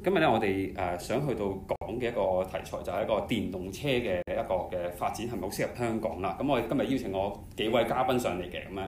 今日咧，我哋誒想去到講嘅一個題材就係一個電動車嘅一個嘅發展係咪好適合香港啦？咁我今日邀請我幾位嘉賓上嚟嘅咁樣。